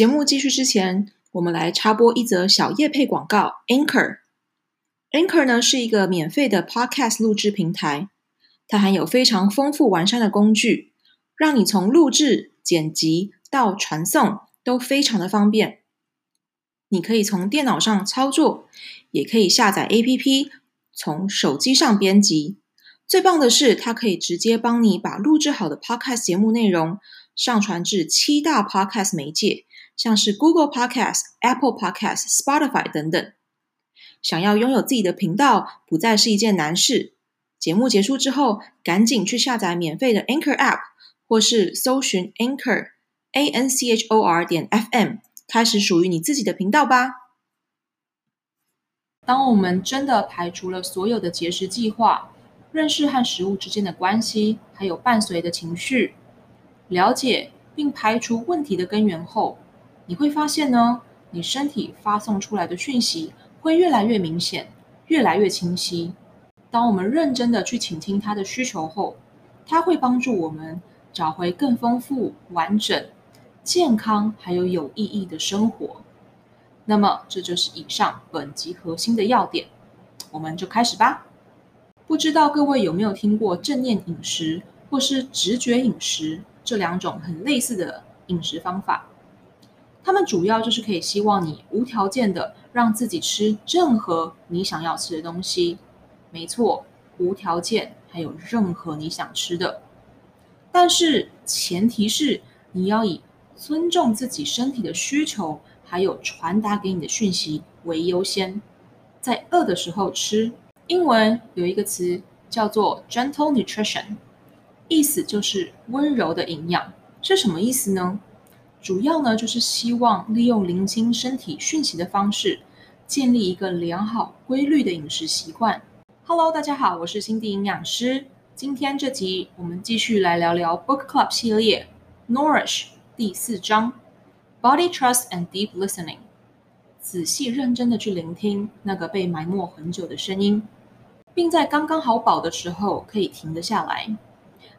節目繼續之前，我們來插播一則小業配廣告。Anchor，Anchor 呢是一個免費的 Podcast 錄製平台，它含有非常豐富完善的工具，讓你從錄製、剪輯到傳送都非常的方便。你可以從電腦上操作，也可以下載 APP 從手機上編輯。最棒的是，它可以直接幫你把錄製好的 Podcast 節目內容。上傳至七大 Podcast 媒介，像是 Google Podcast、Apple Podcast、Spotify 等等。想要擁有自己的頻道，不再是一件難事。節目結束之後，趕緊去下載免費的 Anchor App，或是搜尋 Anchor A N C H O R 點 FM，開始屬於你自己的頻道吧。當我們真的排除了所有的節食計劃，認識和食物之間的關係，還有伴隨的情緒，了解並排除問題的根源後，你會發現呢，你身體發送出來的訊息會越來越明顯，越來越清晰。當我們認真的去傾聽他的需求後，他會幫助我們找回更豐富、完整、健康還有有意義的生活。那麼，這就是以上本集核心的要點。我們就開始吧。不知道各位有沒有聽過正念飲食或是直覺飲食？這兩種很類似的飲食方法，他們主要就是可以希望你無條件的讓自己吃任何你想要吃的東西，沒錯，無條件還有任何你想吃的，但是前提是你要以尊重自己身體的需求，還有傳達給你的訊息為優先，在餓的時候吃。英文有一個詞叫做 Gentle Nutrition。意思就是溫柔的營養，是什麼意思呢？主要呢就是希望利用聆聽身體訊息的方式，建立一個良好規律的飲食習慣。Hello，大家好，我是心地營養師。今天這集我們繼續來聊聊 Book Club 系列《Nourish》第四章 Body Trust and Deep Listening，仔細認真的去聆聽那個被埋沒很久的聲音，並在剛剛好飽的時候可以停得下來。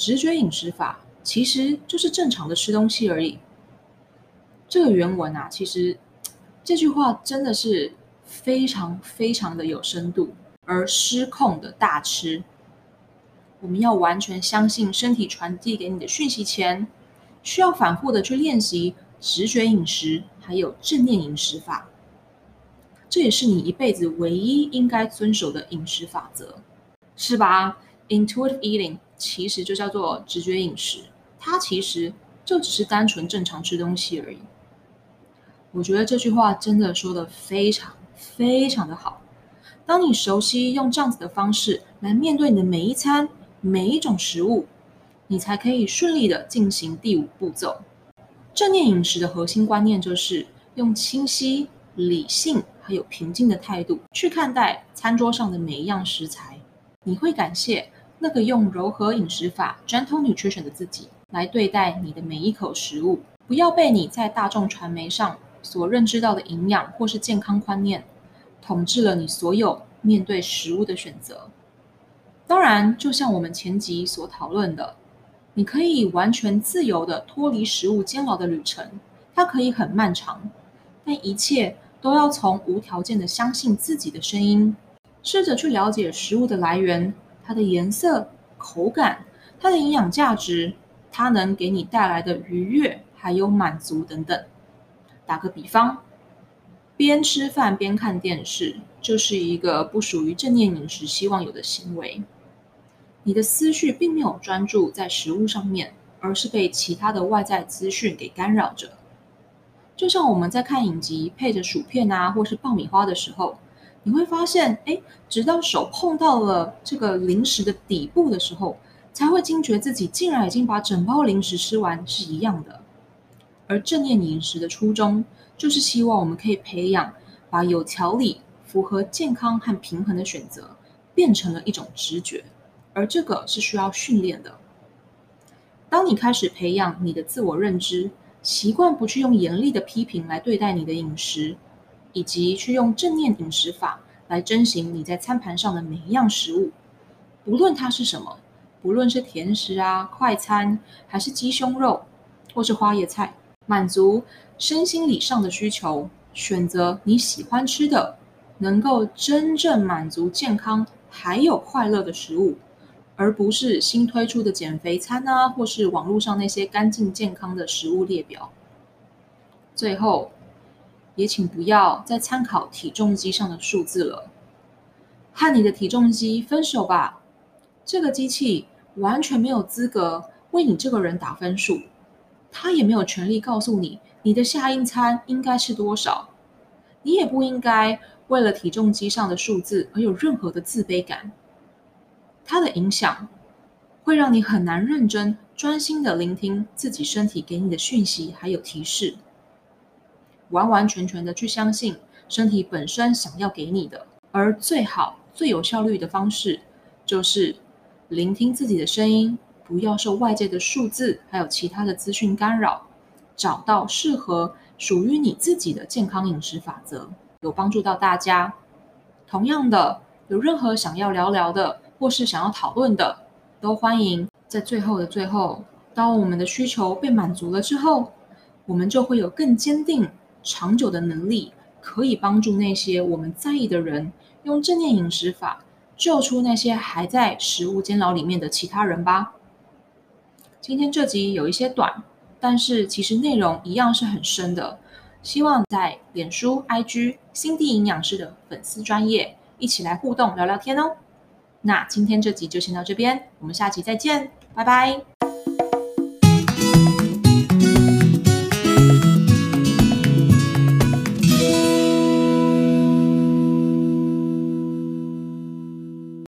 直覺飲食法其實就是正常的吃東西而已。這個原文啊，其實這句話真的是非常非常的有深度。而失控的大吃，我們要完全相信身體傳遞給你的訊息前，需要反複的去練習直覺飲食，還有正念飲食法。這也是你一輩子唯一應該遵守的飲食法則，是吧？Intuitive eating。其實就叫做直覺飲食，它其實就只是單純正常吃東西而已。我覺得這句話真的說得非常非常的好。當你熟悉用這樣子的方式來面對你的每一餐、每一種食物，你才可以順利地進行第五步驟。正念飲食的核心觀念就是用清晰、理性還有平靜的態度去看待餐桌上的每一樣食材，你會感謝。那個用柔和飲食法 （Gentle Nutrition） 的自己來對待你的每一口食物，不要被你在大眾傳媒上所認知到的營養或是健康觀念統治了你所有面對食物的選擇。當然，就像我們前集所討論的，你可以完全自由地脫離食物煎熬的旅程，它可以很漫長，但一切都要從無條件地相信自己的聲音，試着去了解食物的來源。它的顏色、口感，它的營養價值、它能給你帶來的愉悅還有滿足等等。打個比方，邊吃飯邊看電視，就是一個不屬於正念飲食希望有的行為。你的思緒並沒有專注在食物上面，而是被其他的外在資訊給干擾着。就像我們在看影集配着薯片啊，或是爆米花的時候。你會發現，欸，直到手碰到了這個零食的底部的時候，才會驚覺自己竟然已經把整包零食吃完，是一樣的。而正念飲食的初衷，就是希望我們可以培養把有條理、符合健康和平衡的選擇，變成了一種直覺，而這個是需要訓練的。當你開始培養你的自我認知習慣，不去用嚴厲的批評來對待你的飲食，以及去用正念飲食法來征行你在餐盤上的每一樣食物，不論它是什麼，不論是甜食啊、快餐，還是雞胸肉或是花椰菜，滿足身心理上的需求，選擇你喜歡吃的，能夠真正滿足健康還有快樂的食物，而不是新推出的減肥餐啊，或是網絡上那些乾淨健康的食物列表。最後，也請不要再參考體重機上的數字了，和你的體重機分手吧。這個機器完全沒有資格為你這個人打分數，他也沒有權利告訴你你的下一餐應該是多少。你也不應該為了體重機上的數字而有任何的自卑感。它的影響會讓你很難認真、專心的聆聽自己身體給你的訊息，還有提示。完完全全的去相信身體本身想要給你的，而最好最有效率的方式就是聆聽自己的聲音，不要受外界的數字還有其他的資訊干擾，找到適合屬於你自己的健康飲食法則，有幫助到大家。同樣的，有任何想要聊聊的或是想要討論的，都歡迎。在最後的最後，當我們的需求被滿足了之後，我們就會有更堅定，長久的能力，可以幫助那些我們在意的人，用正念飲食法救出那些還在食物監牢裡面的其他人吧。今天這集有一些短，但是其實內容一樣是很深的。希望在臉書、IG、心地營養師的粉絲專頁一起來互動聊聊天哦。那今天這集就先到這邊，我們下集再見，拜拜。